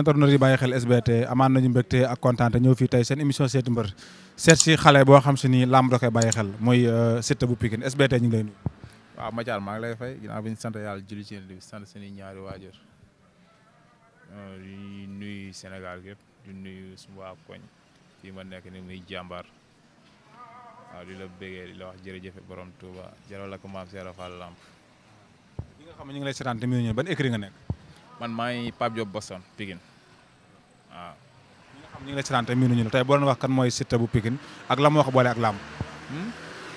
internet yi bàyyi xel SBT amaan nañu mbégte ak kontaan te ñëw fii tey seen émission seeti mbër seet si xale boo xam si ni làmb da koy bàyyi xel muy euh, Siteu bu Pikine SBT ñu ngi lay nuyu. maa ngi lay fay ginnaaw bi sant yàlla julli ci di sant suñu ñaari waajur euh, di nuyu Sénégal yëpp di nuyu suñu waa koñ fii ma nekk ni muy jàmbaar waaw di la bëggee di la wax jërëjëf borom Touba jërëjëf la ko maam Seera Fall Lamp. ñi nga xam ne ñu ngi lay seetaan te ban écrit nga nekk. man maa ngi Pape Diop Boston a ñi nga xam ñu ngi lay seetaan la tey boo na wax kan mooy Siteu bu Pikine ak la ma wax boole ak lamb hmm?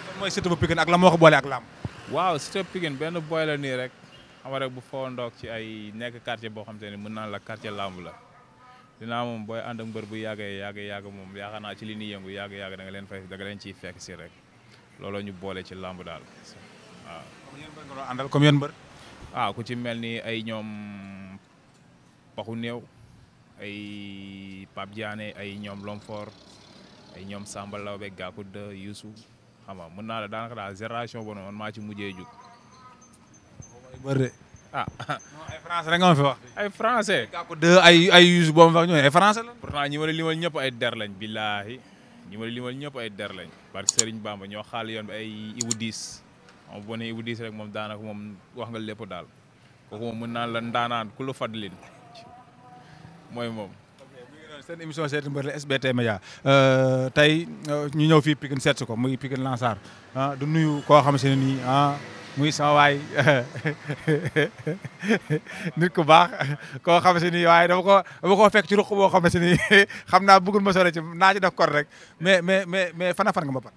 kan mooy Siteu bu Pikine la ma wax lamb waaw Siteu Pikine benn boy la nii rek xam bu foo ndoog ci ay nekk quartier boo xam te ne mën naa la quartier lamb la dinaa moom booy ànd ak mbër bu yàggee yàgg yàgg moom yaakaar naa ci li ñuy yëngu yàgg yàgg daga leen fay da nga leen ciy si rek looloo ñu boole ci lamb daal waaw. comme yéen mbër ah, ku ci mel ni ay ñoom paxu néew. ay Pape Diané ay ñoom Lomfor ay ñoom Samba Lawbe Gakou de Youssou xam nga mën naa la daanaka daal génération boobu man maa ci mujjee jug. ah. ay français rek nga ay de ma la limal ay der lañ billaahi ñi ma la limal ay der lañ. ay Ibou Diis moom bu ne Ibou Diis wax nga lépp daal kooku moom mën naa la ndaanaan ku la fadlin mooy moom. seen émission seeti mbër la SBT Média euh, tey euh, ñu ñëw fii Pikine seet si ko muy Pikine Lansar ah du nuyu koo xam se ne nii a ah, muy sama waay nit ku baax koo xam se ni waaye dama ko dama koo fekk ci ruq boo xam se ni xam naa bëggul ma sore ci naa ci def rek mais mais mais mais fan a fan nga ba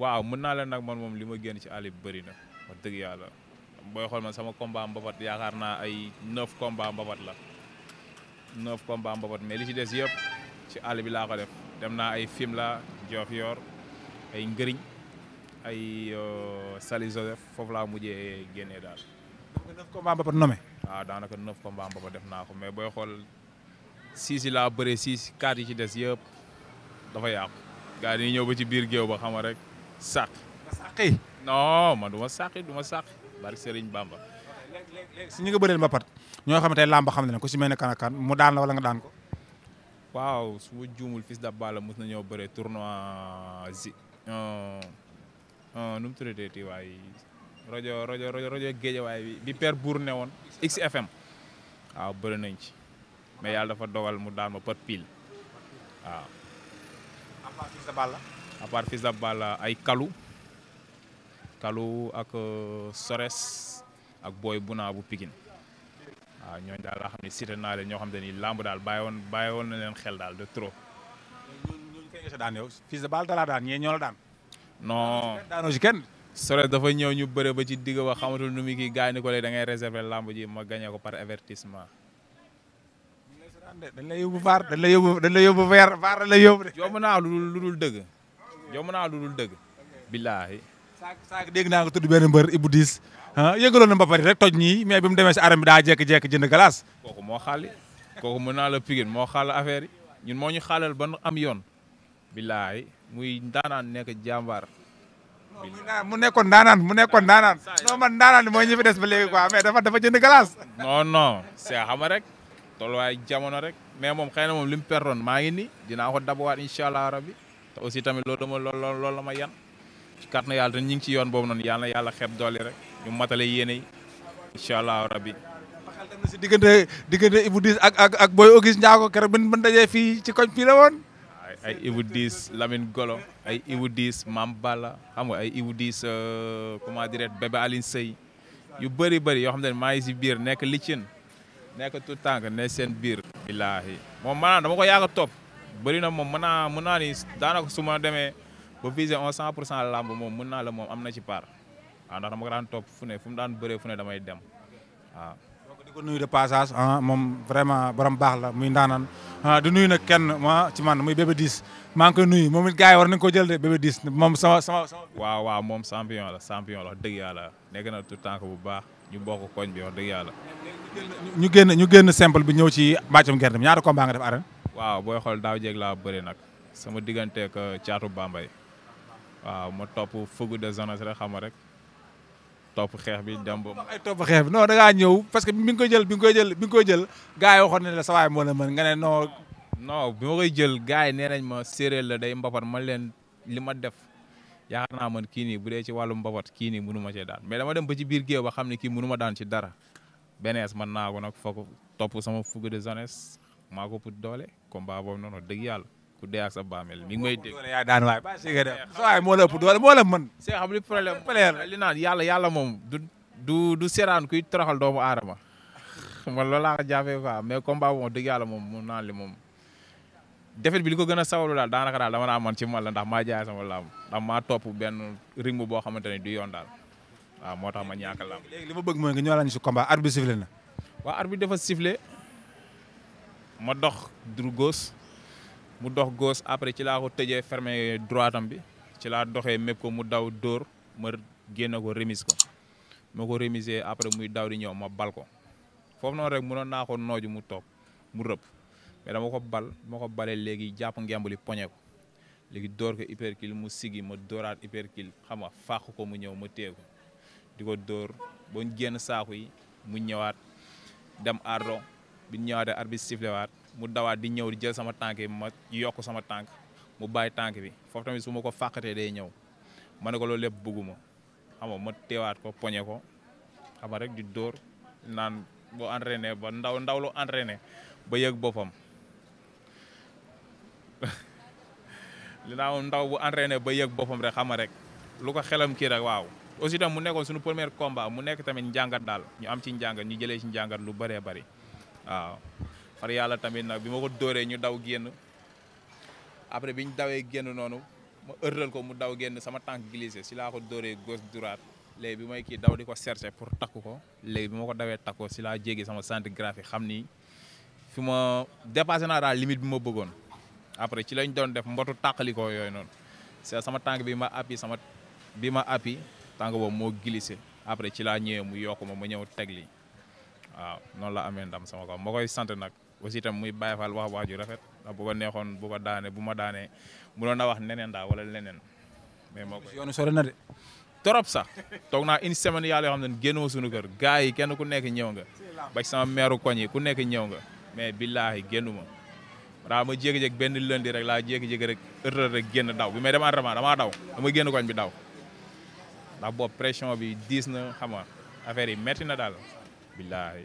waaw mën naa leen nag man moom li ma génn ci àll bi bëri na wax dëgg yàlla booy xool ma sama combat mbapat yaakaar naa ay neuf combat mbapat la neuf combats mbapat mais li ci des yëpp ci àll bi laa ko def dem naa ay Fimela Diofior ay Ngëriñ ay euh, Saly Joseph foofu laa mujjee génnee daal. donc neuf combats mbapat ah, daanaka neuf combats mbapat def naa ko mais booy xool six yi laa bëree six quatre ci des yëpp dafa yàqu. gaa yi ñëw ci biir géew ba xam rek sàq. sàqi non man du ma sàqi du ma sàqi bari Serigne Bamba. si ñi nga mbapat ñoo xam ne tey làmb xam ne ku si mel ne kan ak mu daan la wala nga daan ko. waaw su ma juumul fils de Balla mos na ñoo bëre zi euh, euh, nu mu tuddati waay rajo rajo rajo rajo Géejawaay bi bi Père Bour ne woon XFM waaw bëri nañ ci mais yàlla dafa dogal mu daan ma pot pile waaw. à part fils de Balla. ay kalu kalu ak euh, Sores ak Boy Buna bu Pikine waaw ñooñu daal laa xam ne cité naa leen ñoo xam te ni lamb daal bàyyi woon bàyyi woon na xel daal de trop. ñooñu kañ nga si daan yow de Balla dalaa daan ñee ñoo la daan. non daanoo si dafa ñëw ñu bëre ba ci digg ba xamatul nu mu kii gars yi ni ko da ngay réserver làmb ji ma gagné ko par avertissement. dañ lay yóbbu vaar dañ lay yóbbu dañ lay yóbbu vaar vaar dañ lay yóbbu de. yomb naa lu dul dëgg. yomb naa lu dul dëgg. billaahi. saak saak dégg naa ko tudd benn mbër Ibou Diis Ah, yëgaloon na Mbapat rek toj ñii mais bi mu demee si arène bi daa jékki-jékki jënd glace. kooku moo xaali kooku mën naa la Pikine moo xaal affaire yi moo ñu xaalal ba am yoon. billaay muy ndaanaan nekk jàmbaar. mu nekkoon ndaanaan mu nekkoon ndaanaan. non ma ndaanaan mooy ñu fi des ba léegi quoi mais dafa dafa jënd glace. non non c'est xam rek tolluwaay jamono rek mais moom xëy na moom li mu maa ngi nii dinaa ko dabawaat incha allah rabbi te aussi tamit loolu la ma la ma yan ci kàttan yàlla te ñu ngi ci yoon boobu noonu yàlla yàlla xeeb doole rek ñu matale yéene incha allah rabbi. xel dem na diggante diggante Diis ak ak ak Boy Auguste Ndiago keroog bi ñu dajee fii ci koñ fii la woon. ay Ibou Diis Lamine Golo ay Ibou Diis Mam Balla ay Ibou Diis euh, comment dirais bébé Aline yu bëri bëri yoo xam ne maa ngi si biir nekk liccin nekk tout tànk ne seen biir. billaahi moom maanaam dama ko yaaga top bari na moom mën naa mën naa ni su ma demee ba viser un cent pour cent moom mën naa la moom am na ci part. waaw ndax dama ko daan topp fu ne fu mu daan bëree fu ne damay dem waaw. donc di ko nuyu de ah, moom vraiment borom baax la muy ndaanan ah di nuyu nag kenn ma ah, ci man muy bébé diis maa ngi koy nuyu moom it gars yi war nañu ko jël de bébé diis moom sama sama. waaw waaw moom champion la champion la dëgg yàlla nekk na tout tànk bu baax ñu bokk koñ bi wax dëgg yàlla. ñu génn ñu génn simple bi ñëw ci mbàccum gerte bi ñaata combat nga def arène. waaw booy xool daaw jéeg laa bëri nag sama digganteeg euh, caatu Bambey waaw ma top fugu de jeunesse rek xam rek. topp xeex bi dem ba. ay topp xeex bi non da ngaa ñëw parce que bi nga koy jël bi nga koy jël bi nga koy jël gars yi waxoon ne la sa waay moo la mën nga ne non. non koy jël gars yi nee nañ ma séeréer la day mbapat man leen li ma def yaakaar naa man kii nii bu dee ci wàllu mbapat kii nii mënu ma cee daan mais dama dem ba ci biir géew ba xam ne kii mënu ma daan ci dara benees man naa ko nag foog topp sama fugue de jeunesse maa ko put doole combat boobu noonu dëgg yàlla. ku dee ak sa bàmmeel mi ngi may dégg yaa daan waay ba si nga def sa waay moo la ëpp doole moo la mën see xam li problème li naan du du du seraan doomu aadama man loolu laa ko jaafee quoi mais combat bu ma naa li moom defet bi li ko gën a sawalu daal daanaka daal dama naa maa jaay sama làmb ndax boo xamante ne du yoon daal waaw moo tax ma ñàkk a làmb léegi li ma bëgg mooy nga ñoo lañu si combat na waaw arbitre dafa sifflé ma dox dur góos mu dox gauche après ci laa ko tëjee fermé droit am ci la doxee mépp ko mu daw dóor ma génne ko remise ko ma ko remisé après muy daw di ñëw ma bal ko foofu noonu rek mënoon naa ko nooju mu toog mu rëpp mais dama ko bal ma ko balee léegi jàpp ngemb li poñe ko léegi dóor ko hypercule mu sigi ma dóoraat hypercule xam nga fàq ko mu ñëw ma téye ko di ko dóor ba ñu génn saaku yi mu ñëwaat dem ardo bi ñëwaatee arbitre sifflewaat mu dawaat di ñëw di jël sama tànk bi ma yokk sama tànk mu bàyyi tànk bi foofu tamit su ma ko fàqatee day ñëw ma ne ko loolu lépp bëgguma xam nga ma teewaat ko poñe ko xam rek di dóor naan boo entraîné ba ndaw ndaw lu entraîné ba yëg boppam naa ndaw bu entraîné ba yëg boppam rek xama rek lu ko xelam kii rek waaw aussi tam mu nekkoon suñu premier combat mu nekk tamit njàngat daal ñu am ci njàngat ñu jëlee ci njàngat lu bëree bari waaw far yàlla tamit nag bi ma ko dóoree ñu daw génn après bi ñu dawee génn noonu ma ërtal ko mu daw génn sama tànk glissé si laa ko dóoree gauche droite léegi bi may kii daw di ko chercher pour takku ko léegi bi ma ko dawee takku si laa jéggi sama scintigraphie xam ni fi ma dépassé naa daal limite bi ma bëggoon après ci lañ doon def mbotu tàqalikoo yooyu noonu c'est sama tànk bi ma appi sama bi ma appi tànk boobu moo glissé après ci laa ñëwee mu yokk ma ma ñëw teg li waaw noonu la amee ndam sama kaw ma sant nag. aussi tam muy Baye Fall wax wax ju rafet ndax bu ma neexoon bu ma daane bu ma daanee mënoon na wax neneen daa wala leneen. mais moo koy yoonu sore na de. torop sax toog naa une semaine yàlla yoo xam ne génnoo suñu gars yi kenn ku nekk ñëw nga ba sama meeru koñ ku nekk ñëw nga mais billaahi génnu ma daa ma jékki-jékki benn lundi rek laa jékki-jékki rek ërtër rek génn daw bi may dem entraînement damaa daw dama génn koñ bi daw ndax boobu pression bi diis na xam nga affaire yi métti na daal billaahi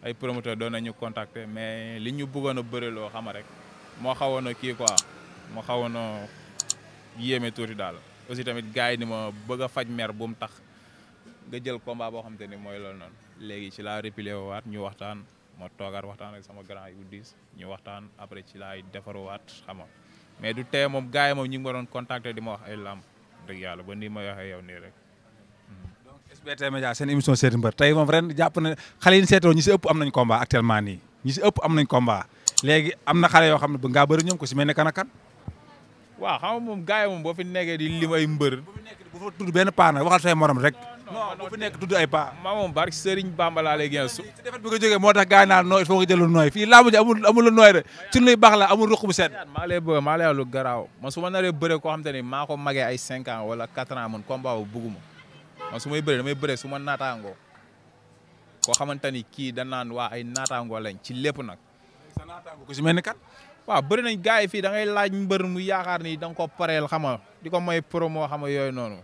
ay promoteur doon nañu contacter mais li ñu bëggoon a bëriloo xama rek moo xawoon a kii quoi moo xawoon a yéeme daal aussi tamit gars yi ni ma bëgg a faj meer bu mu tax ga jël combat boo xam te ni mooy loolu noonu léegi ci laa répilé waat ñu waxtaan ma toogaat waxtaan ak sama grand yu diis ñu waxtaan après ci laay defaruwaat xam nga mais du tee moom gars yi moom ñu ngi ma doon di ma wax ay làmb dëgg yàlla ba nii ma waxee yow nii rek SBT Média seen émission seeti mbër tey moom ren jàpp na xale yi ñu seetoo ñi si ëpp am nañ combat actuellement nii ñi ëpp am nañ combat léegi am na xale yoo xam ne ba ngaa bëri ñoom ko si mel ne kan ak kan waaw xam nga moom gars yi nekkee di lim ay mbër bu fi nekk bu fa nekk tudd ay paa maa moom barke Serigne Bamba laa lay moo tax gars yi naan nooy il faut nga jël lu nooy fii laamu su ma naree bëre koo xam te ne maa ko magee ay cinq ans wala quatre ans man combat bu man su may bëree damay bëree su ma naataangoo koo xamante ni kii da naan waa ay naataangoo lañ ci lépp nag. sa naataangoo ku si mel ni kat. waaw bëri nañ gars yi fii da ngay laaj mbër mu yaakaar ni da nga ko pareel xama di ko may promo xama yooyu noonu.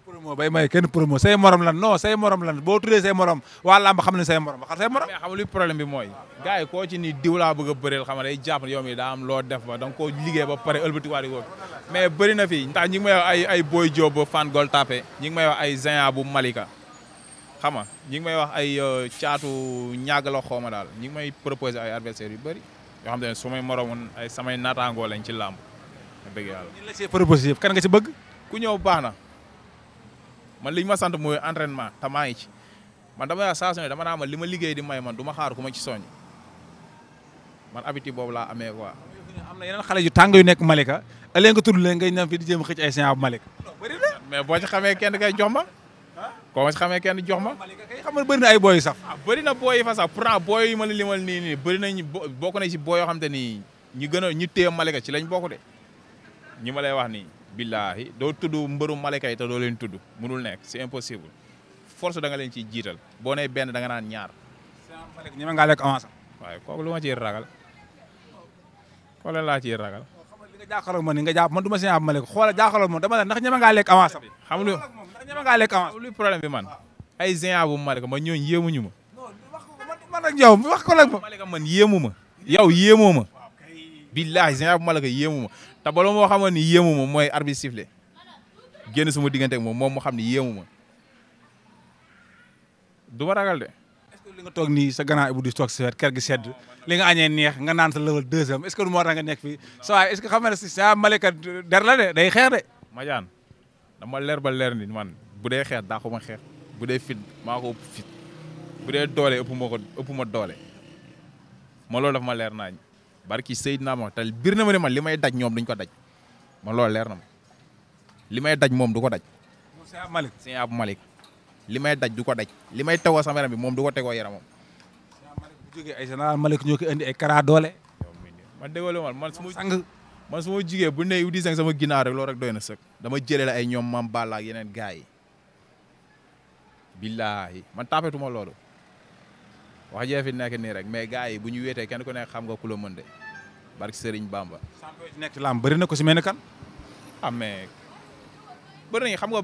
promo bay may kenn promo say morom lan non say morom lan boo tuddee say morom waa làmb xam ne say morom xar say morom. mais xam luy problème bi mooy. gars yi ci ni diw laa bëgg a bëreel xam day jàpp yow mi daa loo def ba danga koo liggéey ba pare ëlbatiwaat ko mais bëri na fi ndax ñi ngi may wax ay ay Boy Diop ba Fan Gol Tapé ñi may wax ay Zaya bu Malika xam nga may wax ay caatu euh, ñàgg la xooma daal ñi ngi may proposé ay adversaires yu bëri yoo xam te ne su may moromoon ay samay naataangoo lañ ci làmb man li ñu ma sant mooy entraînement te maa ngi ci man dama la saa su dama naa ma li ma liggéey di may man duma ma xaar ku ma ci soññ man habitude boobu laa amee quoi. am na yeneen xale yu tàng yu nekk Malika ëllëg nga tudd leen ngay ñam fi di jéem xëcc ay séance Malika. bëri mais boo ci xamee kenn kay jox ma. koo ma ci jox ma. Malika kay xam nga na ay booy sax. ah bëri na booy yi fa sax pourtant booy yi ma la limal nii nii bëri nañu bokk na ci booy yoo xam te ni ñi gën a ñu téye Malika ci lañ bokk de ñi ma lay wax nii billaahi doo tudd mbëru malaka yi te doo leen tudd mënul nekk c'est impossible force da nga leen ciy jiital boo nee benn da nga naan ñaar. ñeme ngaa lekk avance. waaye kooku lu ma ciy ragal koo leen laa nga jàkkaarloo ma ni nga jàpp man du ma seen ab malek xoola jàkkaarloo ma dama la ndax ñeme ngaa lekk avance. xam lu ndax ñeme ngaa lekk avance. lu problème bi man ay géant bu malek ma ñooñu yéemuñu ma. man ak yow wax ma. malek man yéemu ma. yow yéemoo billaahi géant bu malek yéemu ma te bala moo xamoon ni yéemu ma mooy arbitre sifflé génn sama diggante moom moom mu xam ni yéemu ma du ma ragal de. est li nga toog nii sa gannaaw Ibou di toog si wet gi sedd li nga añee neex nga naan sa level deuxième est-ce que du moo tax nga nekk fii sa waay est-ce que xam nga ne sa Malika der la de day xeex de. Madiane dama leer ba leer ni man bu dee xeex daa ma xeex bu dee fit maa ko ëpp fit bu dee doole ëpp ma doole ma loolu daf ma leer naañ barki Seydina ma te bir na ma ne man li may daj ñoom duñ ko daj man loolu leer na ma li may daj moom du ko daj. Sëñ Abou Malick Sëñ li may daj du ko daj li may tawoo sama yaram bi moom du ko tegoo yaramam. bu jógee ay général Malick ñoo ko indi ay kara doole. man déggoo su ma sang man su ma jugee bu ne yu di sang sama ginaar loo loolu rek doy na sëkk. dama jëlee la ay ñoom Mame Balla ak yeneen gars yi. billaahi man tapetuma loolu. wax jee fi nekk nii rek mais gars yi bu ñu wéetee kenn ku nekk xam nga ku la de barke Serigne Bamba. champion yi nekk ci làmb bëri na ko si mel ni kan. ah mais bëri xam nga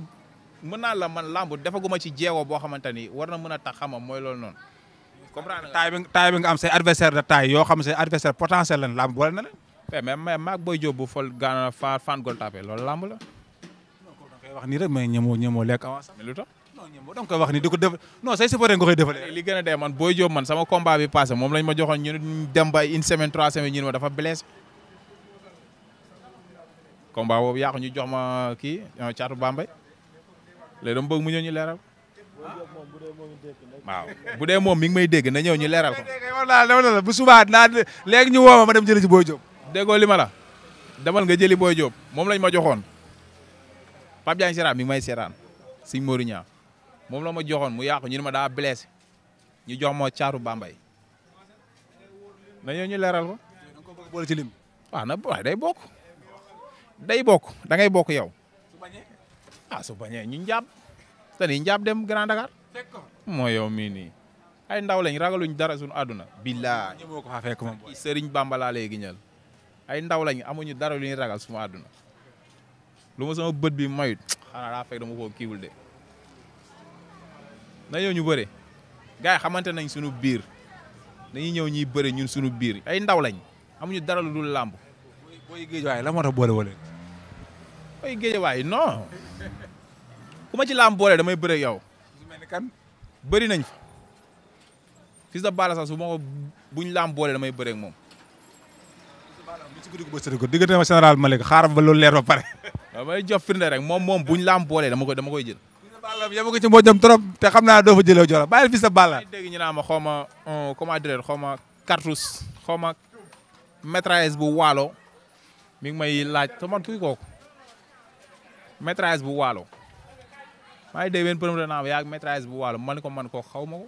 mën naa la man làmb defaguma ci jeewoo boo xamante ni war na mën a tax xamam mooy loolu noon comprendre nga taay bi taay bi nga am say adversaire de taay yoo xam say adversaire potentiel lañ làmb boole na leen. Eh, mais mais maag booy jóob bu fol gaana fan fan gol lool loolu làmb la. wax nii rek mais ñemoo ñemoo lekk da nga koy wax ni di ko def non say supporter nga koy defalee. li gën a dee man Boy Diop man sama combat bi passé moom lañ ma joxoon ñu dem ba une semaine trois ñu ne ma dafa blessé. combat boobu yàqu ñu jox ma kii caatu euh, Bambey léegi dama bëgg mu ñëw ñu bu dee moom mi ngi may dégg na ñëw ñu leeral ko. wala léegi ñu woo ma dem jëli ci Boy Diop. déggoo li ma la demal nga jëli Boy Diop moom lañ ma joxoon Pape Diagne Sera mi moom la ma joxoon mu yàqu ñu ne ma daa blessé ñu jox ma caatu ñu leeral ko. na waaye day bokk. day bokk da ngay bokk yow. su bañee ah su bañee ñu njàpp te ni njàpp dem Grand Dakar. moo yow mii nii. ay ndaw lañ ragaluñ dara àdduna. billaay ñëwoo ko faa fekk moom Bamba laa lay giñal ay ndaw lañ amuñu dara lu ñuy ragal suma àdduna lu ma sama bët bi mayut xanaa de. na ñëw ñu bëre gars yi xamante nañ suñu biir dañuy ñëw ñuy bëre ñun suñu biir ay ndaw lañ amuñu dara lu dul làmb. booy géej waay la moo tax boole wala. booy géej waay non ku ma ci làmb damay bëre yow. su mel ni kan bëri nañ fa. fils de Balla sax su ma ko buñ làmb boole damay bëre ak moom. ko diggante ma général Malick xaaral ba loolu leer ba pare. waaw may jox firnde rek moom moom buñ lamb boole dama ko dama koy jël. sa Balla yama ko ci mbojam trop te xam naa doo fa jëlee jora bàyyil fi sa Balla dégg ñu naa xaw ma euh, comment xaw ma cartouche xaw ma maîtresse bu walo mi ngi may laaj te man kuy bu waalo maa ngi dégg benn promoteur naa yaa bu waalo man ko man ko xaw ma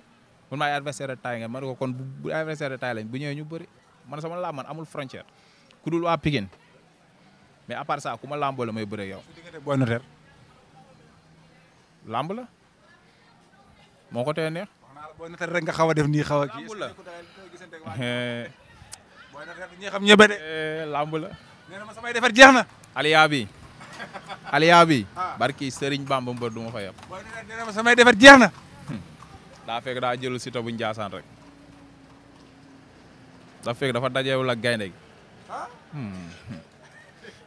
ko man bu ñëwee ñu bëri man sama laa man amul frontière ku dul waa Pikine mais à part ça ku ma làmboo la may bëree làmb la moo ko tee neex. boo natee xaw a def nii xaw a kii. xam de. Eh, làmb la. nee defar jeex na. aliya bi aliya bi. Ah. barki Serigne Bamba mbër du ma fa yab. Hmm. daa fekk daa jël Siteu bu Ndiassane rek. daa fekk dafa dajewul ak gaynde gi. Ah. Hmm.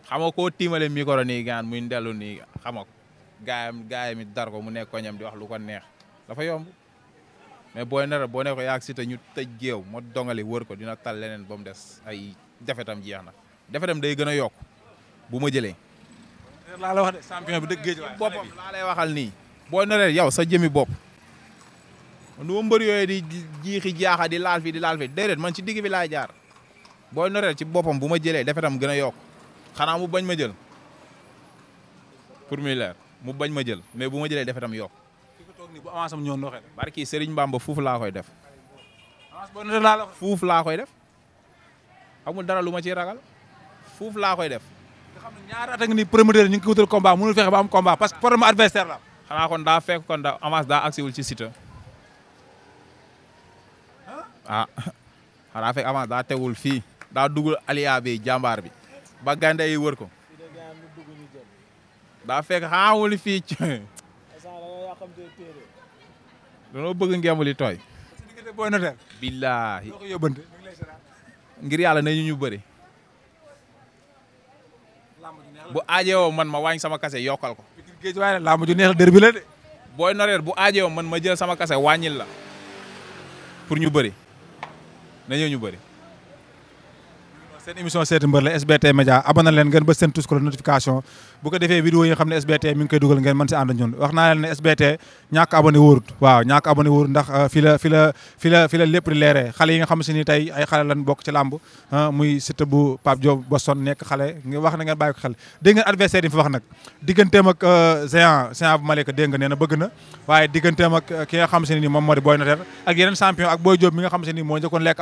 xam nga koo tiimale micro nii gaan muy ndellu nii gaayam gaayam it dar ko mu nekk ko di wax lu ko neex dafa yomb mais booy nara boo ne ko yaag Siteu ñu tëj géew ma dongali wër ko dina tal leneen ba des ay defetam jeex na defetam day gën a yokk bu ma jëlee. laa la wax de champion bi dëgg géej waaye boppam laa lay waxal nii. booy nara yow sa jëmi bopp. man du ma mbër yooyu di jaaxa di laal fi di laal fi déedéet ci digg bi laay jaar booy noreel ci boppam bu ma jëlee defetam gën a yokk xanaa mu bañ ma jël pour muy mu bañ ma jël mais bu ma jëlee defee tam yokk. fi ko toog nii bu avance am ñoon doxee. barki Serigne Bamba fuuf laa koy def. avance boo nee laa koy def amul dara lu ma ciy ragal fuuf laa koy def. nga xam ne ñaari at a ngi ñu ngi ko wutal fexe ba am combat parce que problème adversaire la. xanaa kon daa fekk kon da avance daa agsiwul ci Siteu. ah xanaa fekk avance daa tegul fii daa dugul aliya bi jàmbaar bi ba gaynde yi wër ko. daa fekk xaamuli fii ci. dañoo bëgg ngeemul yi tooy. billaahi. ngir yàlla na ñu ñu bëri. bu aajewoo man ma wàññi sama kase yokkal ko. làmb ju neex la derbi la de. booy bu aajewoo man ma jël sama kase wàññil la pour ñu bëri na ñu bëri. seen émission seeti mbër la SBT Média abonné leen ngeen ba seen tous ko notification bu defee vidéo yi xam ne SBT mi ngi dugal ngeen mën si ànd ñun wax naa leen SBT ñàkk abonné wóorut waaw ñàkk abonné wóorut ndax euh, fi la fi la fi la xale yi nga xam si ni tey ay xale lan bokk ci làmb euh, muy Siteu bu Pape Diop Boston nekk xale nga wax na ngeen bàyyi ko xel dégg ngeen adversaire yi fi wax nag digganteem ak euh, Géant Géant bu Malika dégg nga nee na bëgg na waaye xam si ni moom moo di Boy Notaire ak yeneen champion ak Boy Diop mi nga xam si ni moo njëkkoon lekk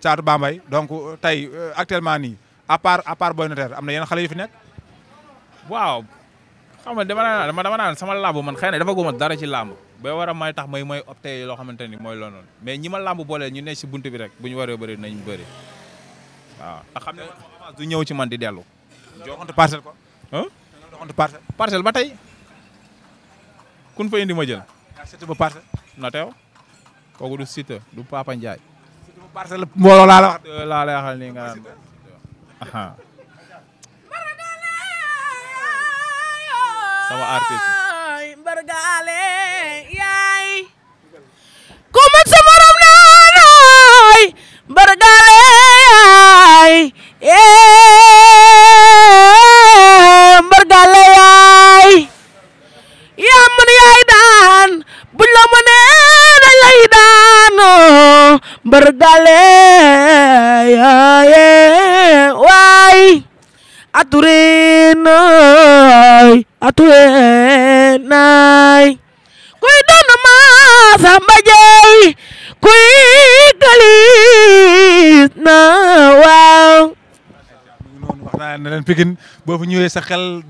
caatu Bambey donc euh, tey euh, actuellement nii à part à part Boy am na yenn xale yu fi nekk. waaw xam nga dama naan dama dama naan sama làmb man xëy na dafa guma dara ci làmb ba war a may tax may may opté loo xamante ni mooy loolu mais ñi ma làmb booleel ñu ne si buntu bi rek bu ñu waree bëri nañ bëri waaw. ndax du ñëw ci man di dellu. joxante parcelle ko. joxante parcelle. ba tey kun fa indi ma jël. yaa ba parcelle. na teew kooku du Siteu du Papa Ndiaye. parcelle mbooloo laa la wax euh, laa lay waxal ku mat sa morom nooy mbargaale bergale waay aturinay aturenay kuy doon ma samba kuy galis na waaw noonu wax naa ne leen Pikine boo fi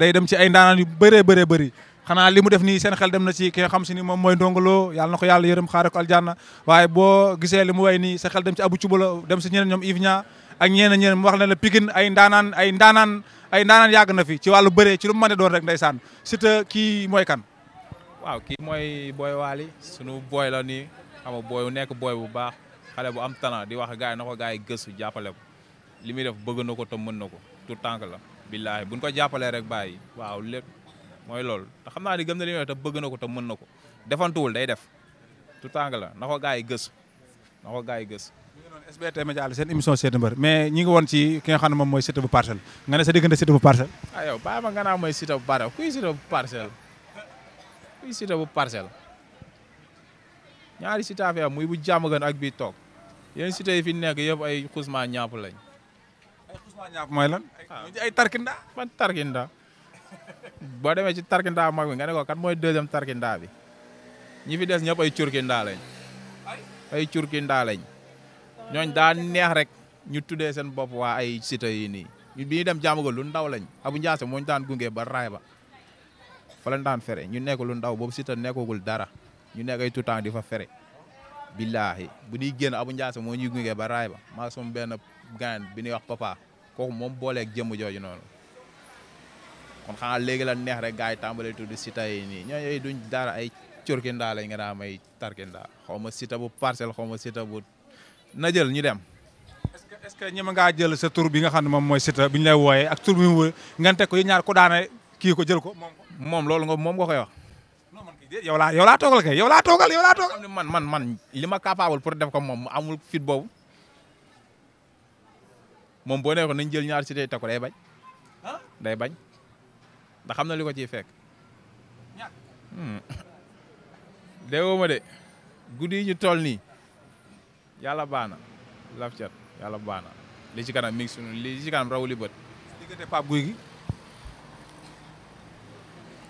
day dem ci ay ndaanaan yu bëree bëree bëri xanaa li mu def nii seen xel dem na ci ki nga xam si ni moom mooy ndongolo yàlla na ko yàlla yërëm xaare ko aljanna waaye boo gisee li mu way ni sa xel dem ci abu cubala dem si ñeneen ñoom Yves ak ñeneen ñeneen mu wax ne la Pikine ay ndaanaan ay ndaanaan ay ndaanaan yàgg na fi ci wàllu bëree ci lu mu mën a doon rek ndeysaan Siteu kii mooy kan waaw kii mooy booy waali sunu booy la nii xam a booy bu nekk booy bu baax xale bu am talent di wax gars yi na ko gars yi gëstu jàppale ko li muy def bëgg na ko te mën na ko tout tànk la billaahi buñ ko jàppalee rek bàyyi mooy loolu te xam naa ni gëm na li muy bëgg na ko ta mën na ko defantuwul day def tout tàng la na ko gars yi gës na ko yi gës SBT Média la seen émission seeti mbër mais ñi ngi woon ci ki nga xam ne moom mooy Siteu bu Parcelles nga ne sa diggante Siteu bu Parcelles ah, mooy Siteu bu Parcelles kuy bu Parcelles kuy Siteu bu Parcelles muy bu jàmm gan ak bii toog yéen Siteu yi fi nekk yëpp ay xusma ñaap lañ ay mooy lan ah. ay tarkinda ban tarkinda boo demee ci tarkindaa mag bi nga ne ko kat mooy deuxième tarkindaa bi ñi fi des ñëpp ay curkindaa lañ ay curkindaa lañ ñooñ daa neex rek ñu tuddee seen bopp waa ay sita nii bi ñu dem jàmmagal lu ndaw lañ abu njaase moo ñu daan gunge ba raay ba fa lañ daan fere ñu nekk lu ndaw boobu sita nekkagul dara ñu nekk ay tutaan di fa fere billaahi bu ñuy génn abu njaase moo ñuy gunge ba raay ba maa sum benn gaan bi ñuy wax papa kooku moom booleeg jëmm jooju noonu kon xanaa léegi la neex rek gars yi tàmbalee tudd Siteu yi nii ñoo yooyu duñ dara ay corkindaa lañ nga daa may tarkindaa xaw ma Siteu bu parcelle xaw ma na jël ñu dem. est ce que ñi ngaa jël sa tur bi nga xam ne moom mooy Siteu bi ñu lay wooyee ak tur ko yi ñaar ko daane kii ko jël ko moom ko. moom loolu koy wax. non man kii yow laa yow laa toogal yow laa toogal yow laa man man man li ma capable pour def ko moom amul fit boobu moom boo nee ko nañ jël ñaar Siteu yi teg ko day bañ. day bañ. ndax xam na li ci ciy fekk. Hmm. déggoo de guddi yi ñu toll nii yàlla baana laf cat yàlla baana li ci kanam mi ngi sunu li ci kanam rawu li bët. diggante Pape Guy gi.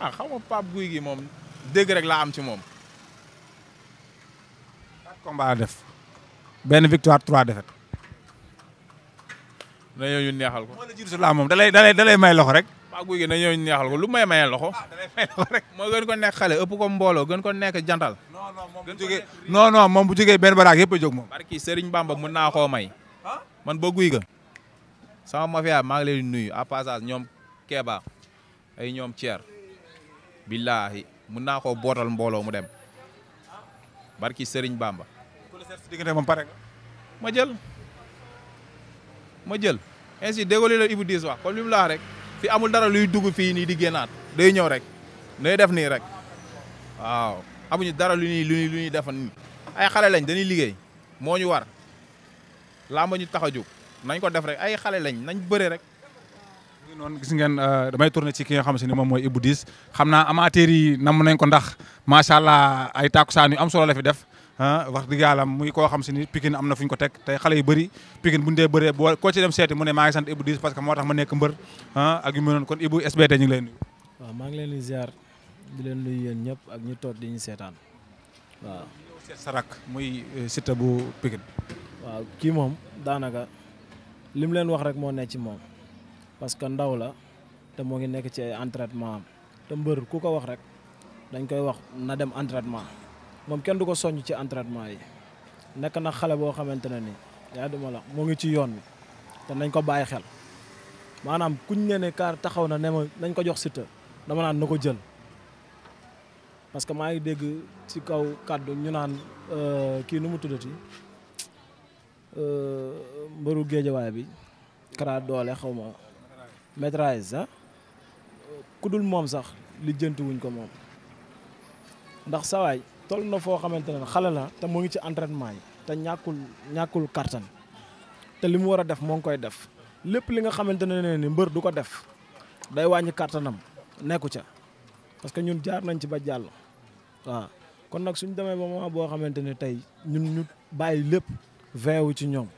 ah xam nga Pape moom dégg rek laa am ci moom. quatre def. benn victoire trois défaites. na ñu neexal ko. moo la jiitu si laa moom da lay da lay may loxo rek. waa guy gi dañoo neexal ko lu may maye loxo. Ah, moo gën ko nekk xale ëpp ko mbooloo gën ko nekk jantal. non bu jógee non non moom bu jógee benn baraak yëpp a jóg moom. barki Serigne Bamba mën naa koo may. man ba guy ga. sama mafia maa ngi leen di nuyu à passage ñoom Kéba ay ñoom Thier. billaahi naa koo bootal mbooloo mu dem. barki Serigne Bamba. ma jël ma jël ainsi déggoo li la fi amul dara luy dugg fii nii di génnaat day ñëw rek day def nii rek waaw amuñu dara lu ñuy lu ñuy lu ñuy defan nii ay xale lañ dañuy liggéey moo ñu war làmba ñu tax a jóg nañ ko def rek ay xale lañ nañ bëre rek. noonu gis ngeen euh, damay tourné ci ki nga xam si ne moom mooy Ibou Diis xam naa amateur yi nam nañ ko ndax macha allah ay tàkkusaan yu am solo la fi def. wax dëgg yàlla muy koo xam si ni Pikine am na fuñ ko teg tey xale yu bëri Pikine bu ñu dee bëree boo koo ci dem seeti mu ne maa ngi sant Diis parce que moo tax ma nekk mbër ak yu mel noonu kon Ibou SBT ñu maa ngi leen di ziar di leen nuyu yéen ñëpp ak ñu toog di ñu seetaan muy eh, Siteu bu Pikine. waaw kii moom daanaka lim leen wax rek moo nekk ci moom parce que ndaw la te moo ngi nekk ci ay te mbër ku ko wax rek dañ koy wax na dem entraînement. moom kenn du ko soññ ci entraînement yi nekk na xale boo xamante ne nii yaa duma la mu ngi ci yoon mi te nañ ko bàyyi xel maanaam kuñ ne ne kaar taxaw na ne ma nañ ko jox Siteu dama naan na ko jël parce que maa ngi dégg ci kaw kàddu ñu naan euh, kii nu mu tuddati euh, mbëru géejawaay bi Kara doole xawma ma maîtrise ah? ku dul moom sax lijjanti wuñ ko moom ndax sawaay toll na foo xamante ne xale la te mu ngi ci entraînement yi te ñàkkul ñàkkul kàttan te li mu war a def moo ngi koy def lépp li nga xamante ne mbër du ko def day wàññi kàttanam nekku ca parce que ñun jaar nañ ci ba jàll waaw kon nag suñ demee ba moment boo xamante ne tey ñun ñu bàyyi lépp veewu ci ñoom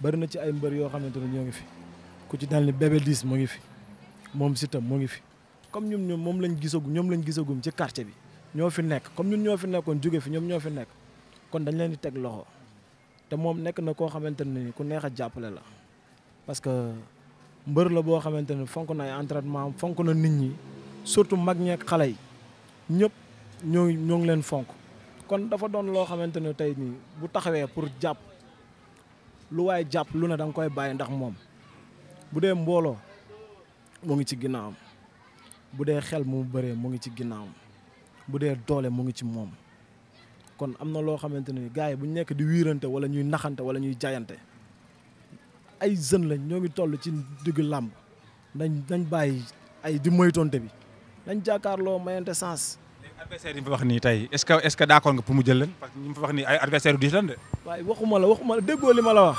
bari na ci ay mbër yoo xamante ne ñoo ngi fi ku ci dal ni bébé diis mu ngi fi moom si tam mu ngi fi comme ñun ñoom moom lañ gisagu ñoom lañ gisagum ci quartier bi ñoo fi nekk comme ñun ñoo fi nekkoon jóge fi ñoom ñoo fi nekk kon dañ leen di teg loxo te moom nekk na koo xamante ne ni ku neex a jàppale la parce que mbër la boo xamante ne fonk na ay fonk na nit ñi surtout mag ñeeg xale yi ñëpp ñoo ñoo ngi leen fonk kon dafa doon loo xamante ne tey nii bu taxawee pour jàpp lu waaye jàpp lu ne da nga koy bàyyi ndax moom bu dee mbooloo mu ngi ci ginnaawam bu dee xel mu bëree mu ngi ci ginnaawam bu dee doole mu ngi ci moom kon am na loo xamante ni gars yi bu ñu nekk di wiirante wala ñuy naxante wala ñuy jaayante ay jeunes lañ ñoo ngi toll ci diggu làmb nañ nañ bàyyi ay di moytonte bi nañ jàkkaarloo mayante sens. léegi adversaire yi mu fa wax nii tey est ce que est ce que d'accord nga pour mu jël leen parce que ñu fa wax nii waaye waxuma la waxuma la ma la wax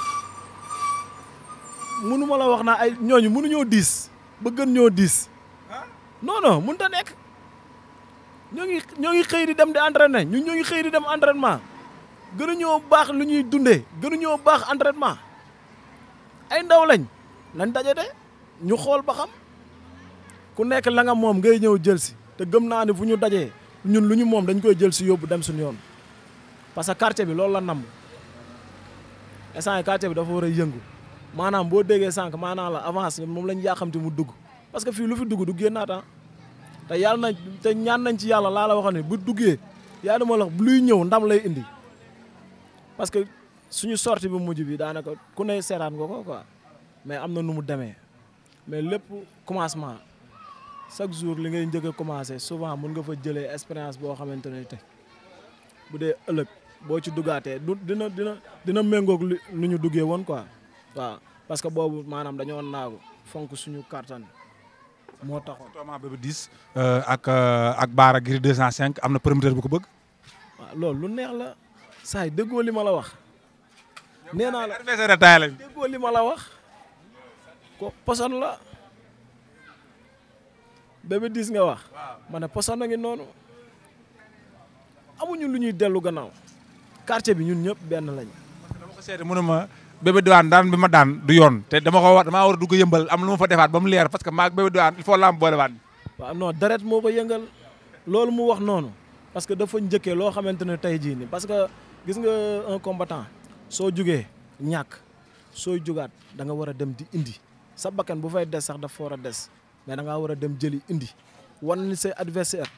la wax naa ay ñooñu mënuñoo diis ba gën ñoo diis non non mënut a nekk. ñoo ngi ñoo ngi xëy di dem di entraîner ñun ñoo ngi xëy di dem entraînement gënuñoo baax lu ñuy dundee gënuñoo baax entraînement ay ndaw lañ lañ de ñu xool ba xam ku nekk la nga moom ngay ñëw jël si te gëm naa ne fu ñu dajee ñun lu ñu moom dañ koy jël si yóbbu dem suñu yoon parce que quartier bi loolu la namm e quartier bi dafa war a yëngu maanaan boo déggee sànq maanaam la avance moom lañ yaa xamte mu dugg parce que fii lu fi dug du génnaat ah. te yàlla nañ te ñaan nañ ci yàlla laa la waxoon ne bu duggee yaa dama la wax luy ñëw ndam lay indi parce que suñu sortie bu mujj bi daanaka ku ne seeraat nga ko quoi mais am na nu mu demee mais lépp commencement chaque jour li ngay njëkk commencé souvent mun nga fa jëlee expérience boo xamante ne te bu dee ëllëg boo ci duggaatee du dina dina dina méngoog lu ñu duggee woon quoi waaw parce que boobu maanaam dañoo naagu fonk suñu kattan. moo taxoon tooma bébé 10 ak euh, ak baara giri cinq am na promoteur bu ko bëgg waaw loolu lu neex la saay déggoo li ma la wax nee naa la déggoo li ma la wax ko poson la bébé 10 nga wax ma ne poson a ngi noonu amuñu lu ñuy dellu gannaaw quartier bi ñun ñëpp benn lañ bébé diwaan daan bi ma daan du yoon te dama ko war damaa war a dugg yëmbal am lu ma fa defaat ba mu leer parce que maag bébé diwaan il faut laam boolewaat. waaw non deret moo ko yëngal loolu mu wax noonu parce que dafa njëkkee loo xamante ne tey jii ni parce que gis nga un combatant soo jugee ñàkk soo jugaat da nga war a dem di indi sa bakkan bu fay des sax dafa war a des mais da ngaa war a dem jëli indi wan se say adversaire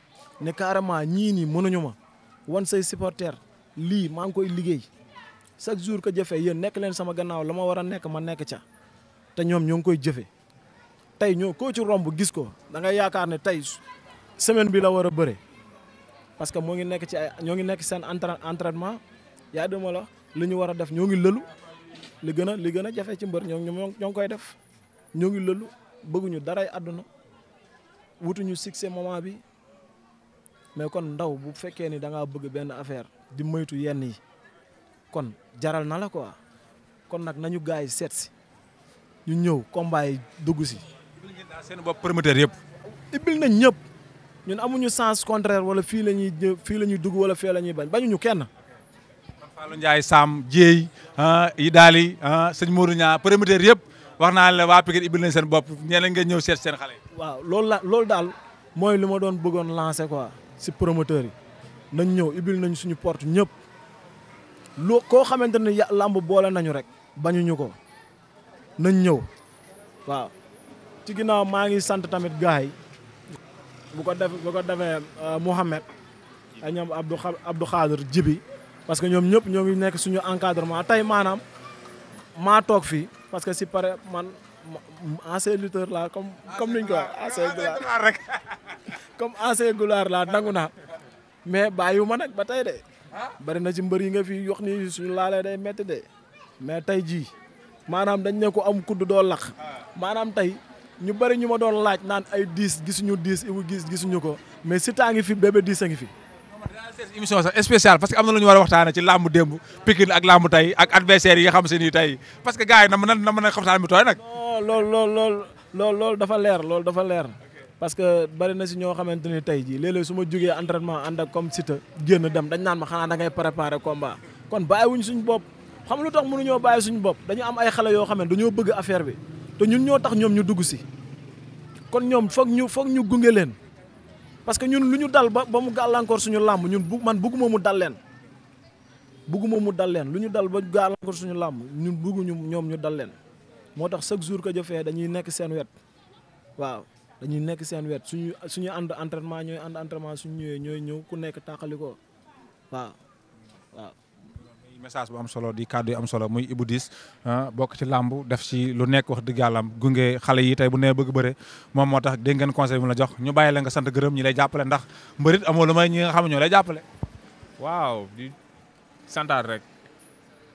ne carrément ñii nii mënuñu ma wan se supporter lii maa ngi koy liggéey. chaque jour que jëfee yéen nekk leen sama gannaaw la ma war a nekk ma nekk ca te ñoom ñoo ngi koy jëfe tey ñoo koo ci romb gis ko da ngay yaakaar ne tey semaine bi la war a bëre parce que moo ngi nekk ci ay ñoo ngi nekk seen entraînement yaa ma la li ñu war a def ñoo ngi lëlu li gën a li gën a jafe ci mbër ñoo ngi ñoo ngi koy def ñoo ngi lëlu bëgguñu daray àdduna wutuñu succès moment bi mais kon ndaw bu fekkee ni da ngaa bëgg benn affaire di moytu yenn yi. kon jaral na la quoi kon nag nañu gars yi seet si ñu ñëw combat dugg si. seen bopp promoteur yëpp. ibbil nañ ñëpp ñun amuñu sens contraire wala fii la ñuy fii la ñuy dugg wala fii la ñuy bañ bañuñu kenn. Fallou Ndiaye Sam Dieye yi daal yi sëñ Modou Niang promoteur yëpp wax naa la waa Pikine ibbil nañ seen bopp ñeneen ngeen ñëw seet seen xale yi. waaw loolu loolu daal mooy li ma doon bëggoon lancer quoi si promoteur yi nañ ñëw ibbil nañ suñu port ñëpp. lu koo xamante ne làmb boole nañu rek bañuñu ko nañ ñëw waaw ci ginnaaw maa ngi sant tamit gars yi bu ko def bu ko defee euh, Mouhamed ak ñoom Abdou Abdou Khadir Jibi parce que ñoom ñëpp ñoo ngi nekk suñu encadrement tey maanaam maa toog fii parce que si pare man ancien lutteur laa comme comme niñ ko ancien goulaar rek comme ancien laa dangu naa mais bàyyiwu ma nag ba tey de bari na ci mbër yi nga fii yox ni suñu laalee day metti de mais tey jii maanaam dañ ne ko am kudd doo laq maanaam tey ñu bari ñu ma doon laaj naan ay diis gisuñu diis ibu gis gisuñu ko mais si taa ngi fi bébé diis ngi fi. émission sax spéciale parce que am na lu ñu war a waxtaanee ci làmb démb Pikine ak làmb tey ak adversaire yi nga xam se ni tey parce que gars yi na mën na na mën a xabtaan bi tooy nag. non loolu loolu loolu loolu dafa leer loolu dafa leer. parce que barina si ñoo xamante ni tey jii léeg-léeg su ma jógee entraînement ànd ak comme Siteu génn dem dañ naan ma xanaa da ngay préparer combat kon bàyyiwuñ suñ bopp xam lu tax mënuñoo bàyyi suñu bopp dañu am ay xale yoo xam ne dañoo bëgg affaire bi te ñun ñoo tax ñoom ñu dugg si kon ñoom foog ñu foog ñu gunge leen parce que ñun lu ñu dal ba ba mu gàllankoor suñu làmb ñun bu man bëgguma mu dal leen bëgguma mu dal leen lu ñu dal ba gàllankoor suñu làmb ñun bëgguñu ñoom ñu dal leen moo tax chaque jour que jëfee dañuy nekk seen wet dañuy nekk seen wet suñu suñu ànd entraînement ñooy ànd suñu ñëwee ñooy ñëw ku nekk tàqali ko waaw waaw. message bu am solo di kàddu yu am solo muy Ibou Diss ah, bokk ci làmb def ci lu nekk wax dëgg yàlla gunge xale yi tey bu nee bëgg bëre moom moo tax dégg ngeen conseil mu la jox ñu bàyyi la nga sant gërëm ñi lay jàppale ndax mbërit amoo lu may ñi nga xam ne ñoo lay jàppale. waaw di santaat rek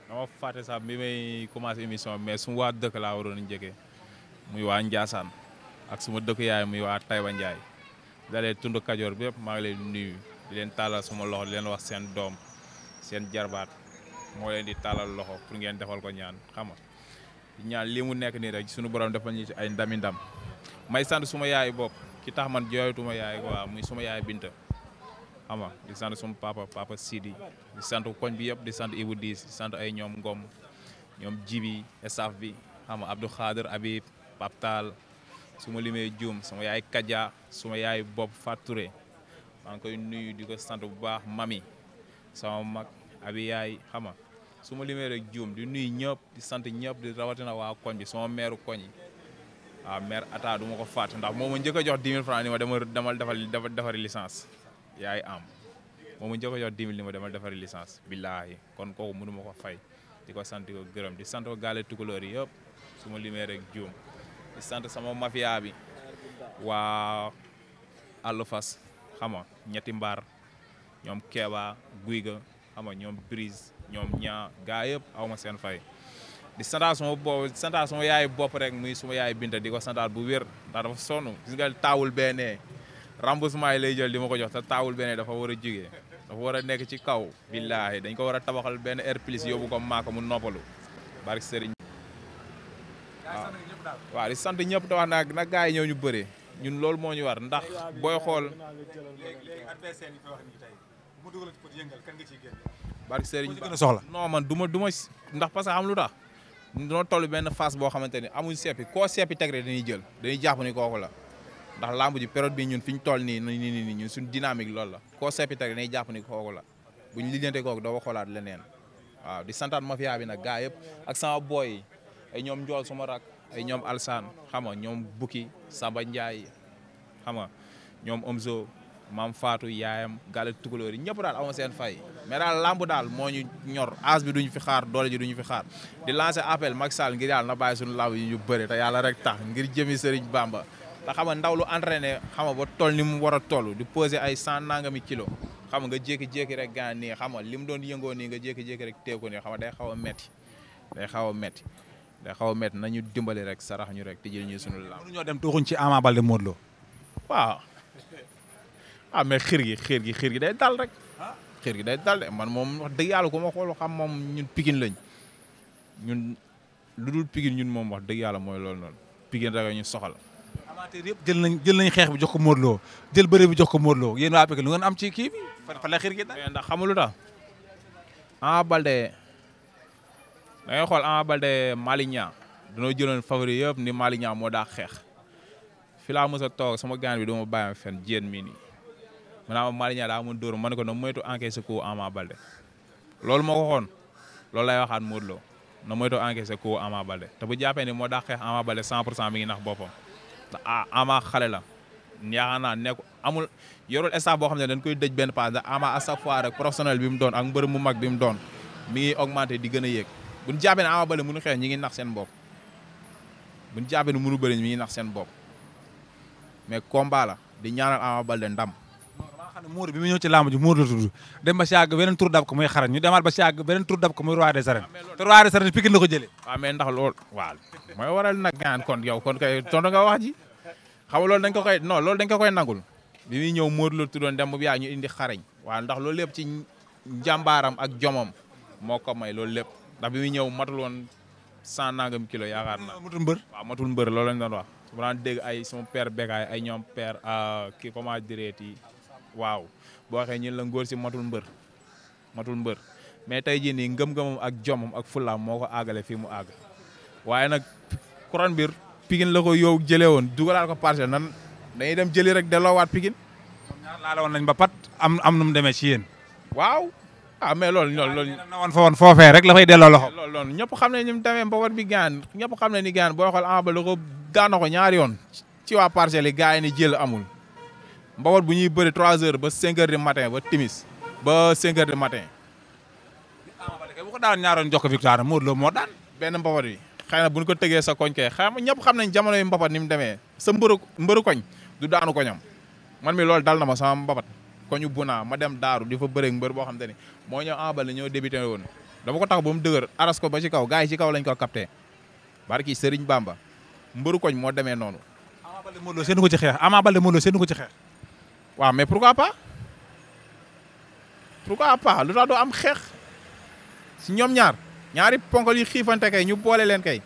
dama fàtte sax bi may commencé émission mais suñu waa dëkk laa waroon njëkkee muy waa Ndiassane. ak suma dëkk yaay muy waa Taïba Ndiaye dalee tund kajoor bi yëpp maa ngi leen di di leen tàllal suma loxo di leen wax seen doom seen jarbaat moo leen di tàllal loxo pour ngeen defal ko ñaan xam nga ñaan lii mu nekk nii rek suñu borom defal ñu ci ay ndami ndam may sant suma yaay bopp ki tax man jooytuma yaay waaw muy suma yaay Binta xam nga di sant suma papa Sidi di sant koñ bi yëpp di sant Ibou Diis di sant ay ñoom Ngom ñoom Jibi staff bi xam nga Abdou Khader su ma limee juum sama yaay Kaja suma yaay Bob Faturé maa ngi koy nuyu di ko sant bu baax mami sama mag abi yaay xama su limee rek juum di nuyu ñëpp di sant ñëpp di rawatina waa koñ bi sama meeru koñ yi waaw du ma ko fàtte ndax moo ma njëkk a jox 10 000 francs ni ma demal demal defal defari licence yaay am moo ma njëkk a jox 10 000 ni ma demal defari licence billaahi kon kooku mënu ma ko fay di ko sant ko gërëm di sant ko gaale tukulóor yi yëpp su ma limee rek juum di sant sama mafia bi waa àll fas xam ñetti mbaar ñoom Keeba guy ga xam nga ñoom Brise ñoom ñaa gaa yëpp aw ma seen fay. di santaat sama bopp di santaat yaay bopp rek muy suma yaay Binta di ko santaat bu wér ndax dafa sonn gis nga taawul benee remboursement yi lay jël di ma ko jox te taawul benee dafa war a jugee dafa war a nekk ci kaw. billaahi dañ ko war a tabaxal benn air plus yóbbu ko maaka mu noppalu barke sëriñ waaw di sant ñëpp te wax na nag gars yi ñëw ñu bëree ñun loolu moo ñu war ndax booy xool. barke Serigne Ba soxla non man du ma du ndax parce que am lu tax noo tol benn phase boo xamante ni amuñ seppi koo seppi teg rek dañuy jël dañuy jàpp ni kooku la ndax lamb ji période bi ñun fi ñu toll nii nii nii ñun suñ dynamique loolu la koo seppi teg rek dañuy jàpp ni kooku la buñ lijjante kooku doo ko xoolaat leneen waaw di santaat mafia bi nag gaa yëpp ak sama boy yi ay ñoom ay ñoom Alsaan xam nga ñoom Buki Samba Ndiaye xam nga ñoom Omzo maam Fatou yaayam gàlle tukulóor yi ñëpp daal amoon seen fay mais daal lamb daal moo ñu ñor âge bi duñu fi xaar doole ji duñu fi xaar di lancer appel Macky Sall ngir yàlla na bàyyi suñu lamb yi ñu bëri te yàlla rek tax ngir jëmi Serigne Bamba ta xam nga ndaw lu entraîné xam nga ba toll ni mu war a toll di poser ay cent nangami kilo xam nga jékki-jékki rek gan nii xam nga li mu doon yëngoo nii nga jékki-jékki rek teeku nii xam nga day xaw a metti day xaw a metti day xaw a métti nañu dimbali rek sarax ñu rek te jël ñu sunu lamb. mënuñoo dem tuuxuñ ci Ama Baldé Modou Lo. waaw ah mais xir gi xir gi xir gi day dal rek. Ah. xir gi day dal de man moom wax dëgg yàlla ku ma xool xam moom ñun Pikine lañ ñun lu dul Pikine ñun moom wax dëgg yàlla mooy lool noonu Pikine rek ñu soxal. amateur yëpp jël nañ jël nañ xeex bi jox ko Modou Lo jël bëre bi jox ko Modou Lo yéen waa Pikine lu ngeen am ci kii bi fan la xir gi dal. ndax xamul lu da ngay xool Ama Baldé Malick danoo jëloon favori yëpp ni Malick moo daa xeex fi laa mos a toog sama gaan bi dama bàyyi fen jéen mii nii maanaam Malick Niang daa mun dóor ma ne ko na moytu encaissé ko Ama Baldé loolu moo ko xoon loolu lay waxaat no Lo na moytu encaissé ko Ama Baldé te bu jàppee ni moo daa xeex Ama Baldé 100 pour cent mi ngi nax boppam te ah Ama xale la yaakaar naa nekk amul yorul staff boo xam ne dañ koy dëj benn paas ndax Ama à chaque rek professionnel bi mu doon ak mbër mu mag bi mu doon mi ngi di gën a yéeg bu ñu jàppee ne Ama Baldé mënu xeex ñi ngi nax seen bopp bu ñu jàppee ne mënu bëri ñi ngi nax seen bopp mais combat la di ñaanal Ama Baldé dam xam ne muur bi mu ñëw ci lamb ji muur la tudd dem ba si àgg beneen tur ko muy xarañ ñu demaat ba si àgg beneen tur dab ko muy roi des arènes ah, te roi des arènes Pikine la ko jëlee waaw ah, mais ndax loolu waaw mooy waral nag gaan kon yow kon kay tontu nga wax ji xam dañ ko koy non loolu dañ ko koy bi muy ñëw muur la tuddoon dem bu yaa ñu indi xarañ waaw ndax loolu lépp ci njàmbaaram ak jomam moo ko may loolu lépp ndax bi muy ñëw matul sant cent nangam kilos yaakaar na matul mbër waaw matul mbër loolu lañ doon wax. su ma daan dégg ay sama père Begaay ay ñoom per euh, kii comment dirais-je waaw boo waxee ñun la ngoor si matul mbër matul mbër mais tey jii nii ngëm-ngëmam ak jomam ak fulaam moo ko àggale fii mu àgg waaye nag couronne biir Pikine la ko yow jëlee woon dugalaat ko parcelle nan dañuy dem jëli rek delloowaat Pikine. ñaar laale woon nañ ba pat am am nu mu demee ci yéen. ah mais loolu loolu loolu. na woon fa woon foofee rek la fay delloo loxo. loolu loolu ñëpp xam ne ni mu demee mbapat bi gaan ñëpp xam ko ñaari yoon ci waa parcelle yi yi ni jël amul mbapat bu ñuy bëri trois heures ba 5 heures du matin ba timis ba 5 heures matin. bu ko daan ñaaroon jox ko victoire Modou Lo benn mbapat bi xëy na bu ñu ko tegee sa koñ kay xam ñëpp xam nañ jamono yu mbapat ni mu demee sa mbëru mbëru koñ du daanu koñam man mi loolu dal na ma sama mbapat. koñu bunaa ma dem daaru di fa bëreeg mbër boo xam te ni moo ñëw embal ñoo débuté woon dama ko tax ba mu dëgër aras ko ba ci kaw gars yi kaw lañ ko capté barki Bamba mbëru koñ moo demee noonu Ama Baldé Modou Lô seen ko ci xeex Ama Baldé Modou Lô seen ko ci xeex waaw mais pourquoi pas pourquoi pas lu tax doo am xeex si ñoom ñaar ñaari ponkal yu xiifante kay ñu boole leen kay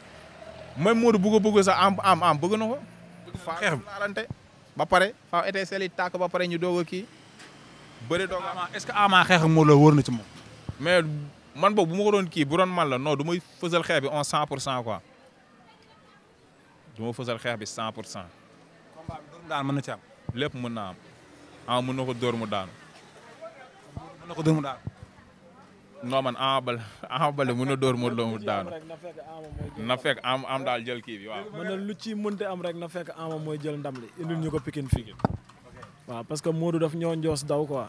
même Modou bugg bugg sax am am am bëgg na ko faalante ba pare faaw étincelle yi tàkk ba pare ñu doog a bëri doog Ama est-ce que Ama xeex ak Modou Lo wóor na ci moom. mais man boobu bu ma ko doon kii bu doon man la non du may fësal xeex bi on cent pour cent quoi du ma fësal xeex bi cent pour cent. combat bi daan mën na ci am. lépp mën naa am ah mën na ko dóor mu daanu. mën na ko dóor mu daanu. non man Ama Baldé Ama Baldé mën na dóor mu daanu. na fekk am am daal jël kii bi waaw. mën na lu ci mënte am rek na fekk Ama mooy jël ndam li indil ñu ko Pikine fii. waaw parce que Modou daf ñoo njoos daw quoi.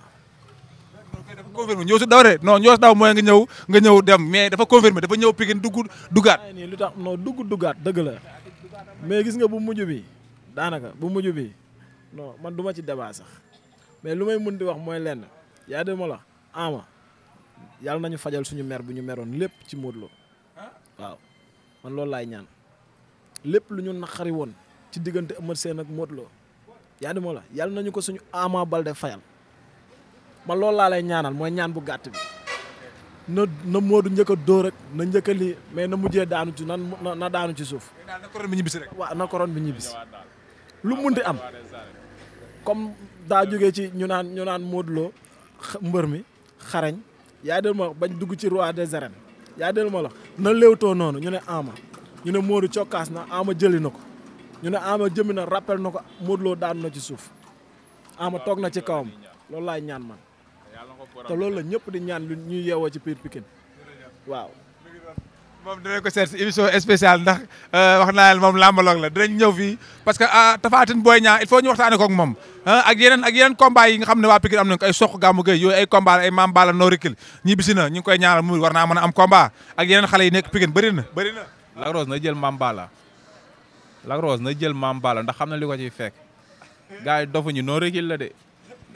dafa confirmé ñëw si daw de non ñoos daw mooy nga ñëw nga ñëw dem mais dafa confirmé dafa ñëw Pikine dugg duggaat. waaye nii lu tax non dugg duggaat dëgg la gis nga bu mujj bi daanaka bu mujj bi non man du ma ci débat sax mais lu may mën di wax mooy lenn yaa dama la ama yàlla nañu fajal suñu mer bu ñu meroon lépp ci Modou Lo waaw man loolu laay ñaan lépp lu ñu naqari woon ci diggante Eumeu seen ak Modou yaa di moo la yàlla nañu ko suñu Ama Baldé fayal ma loolu laa lay ñaanal mooy ñaan bu gàtt bi na na Modou njëkk a dóor rek na njëkk a lii mais na mujjee daanu ci nan na daanu ci suuf. na koroon bi ñibbisi rek. waaw na koroon bi ñibbisi lu munti am comme daa jógee ci ñu naan ñu naan Modou mbër mi xarañ yaa del ma bañ dugg ci roi des arènes yaa del ma la na léewtoo noonu ñu ne Ama ñu ne Modou cokkaas na Ama jëli na ko. ñu ne Ama jëmi na rappel na ko Modou Lo daanu na ci suuf am Ama toog na ci kawam loolu laay ñaan man te loolu la ñëpp di ñaan lu ñuy yeewoo ci biir Pikine waaw. moom dinañ ko seet si émission spéciale ndax euh, wax naa leen moom làmbaloog la dinañ ñëw fii parce que ah, Tapha Tine Boy Niang il faut ñu waxtaanee ko moom ah, ak yeneen ak yeneen combat yi nga xam ne waa Pikine am nañ ko ay soq gàmmu gay yooyu ay combat ay maam Balla norikil ñi bisi na ñu ngi koy ñaanal mu war naa mën a am combat ak yeneen xale yi nekk Pikine bëri na bëri na Lac na jël maam Balla Lac Rose na jël Mame Balla ndax xam na li ko ciy fekk gars yi dofuñu noo régil la de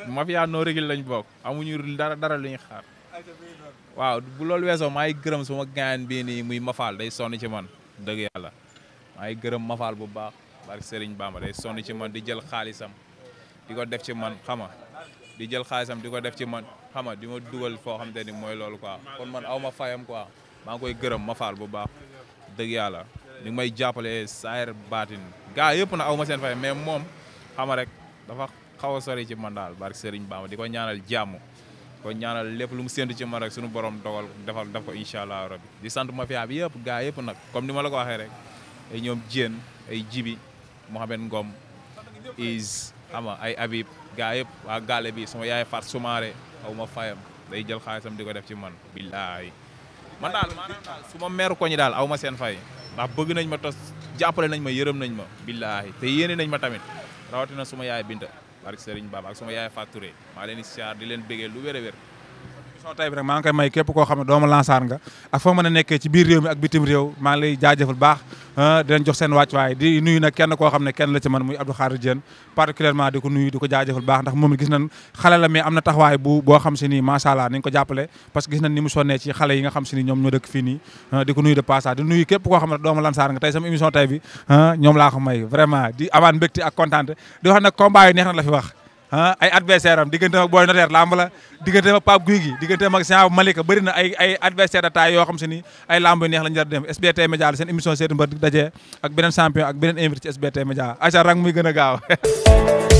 mafia noo régil lañ bokk amuñu dara dara lu ñuy bu loolu weesoo maa ngi gërëm suma gaañ bii nii muy mafaal day sonn ci man dëgg yàlla maa gërëm mafaal bu baax barke Serigne Bamba day sonn ci man di jël xaalisam di ko def ci man xama di jël xaalisam di ko def ci man xama di ma dugal foo xam te ni mooy loolu quoi kon man aw ma fayam quoi maa ngi koy gërëm mafaal bu baax dëgg yàlla ñu may jàppale saayir baatin gaa yëpp na aw ma seen fay mais moom xama rek dafa xaw a sori ci man daal barke Serigne Bamba di ko ñaanal jàmm ko ñaanal lépp lu mu séntu ci man rek suñu borom dogal defal def ko incha allah rabbi di sant ma mafia bi yëpp gaa yëpp nag comme ni ma la ko waxee rek ay ñoom Dieng ay Jibi Mohamed Ngom is ama ay Habib gaa yëpp waa gaale bi sama yaay Fatou Soumaré aw ma fayam day jël xaalisam di ko def ci man billaay man daal maanaam daal su ma meeru koñ daal ma seen fay ndax bëgg nañ ma tos jàppale nañ ma yërëm nañ ma billaahi te yéene nañ ma tamit rawatina suma yaay Binta barke Serigne Baba ak suma yaay Fatou Touré maa leen di di leen bégee lu wér a wér émission tey bi rek maa ngi koy may képp koo xam ne doomu Lansar nga ak foo mën a nekkee ci biir réew mi ak bitim réew maa ngi lay jaajëfal baax ah, di jox seen wàccuwaay di koo xam ne kenn la ci man muy Abdou Khadir Diène particulièrement di ko nuyu di ko jaajëfal baax ndax moom gis xale la mais am na taxawaay bu boo xam si nii macha allah nañ ko jàppale parce que gis ni mu sonnee ci xale yi nga xam si nii ñoom ñoo dëkk ah, di ko nuyu de passage di nuyu képp koo xam ne doomu Lansar nga tey sama émission tey bi ah, ñoom laa ko may vraiment di amaan mbégte kontaan di wax wax ah ay adversaire am diggante ak Boy Notaire lamb diggante ak Pape Guy gi diggante ak Jean Malika bëri ay adversaire de taille yoo xam se ni ay lamb yu neex lañu jar dem SBT Média la seen émission seetu mbër dajee ak beneen champion ak beneen invité SBT Média aca rang muy gën a gaaw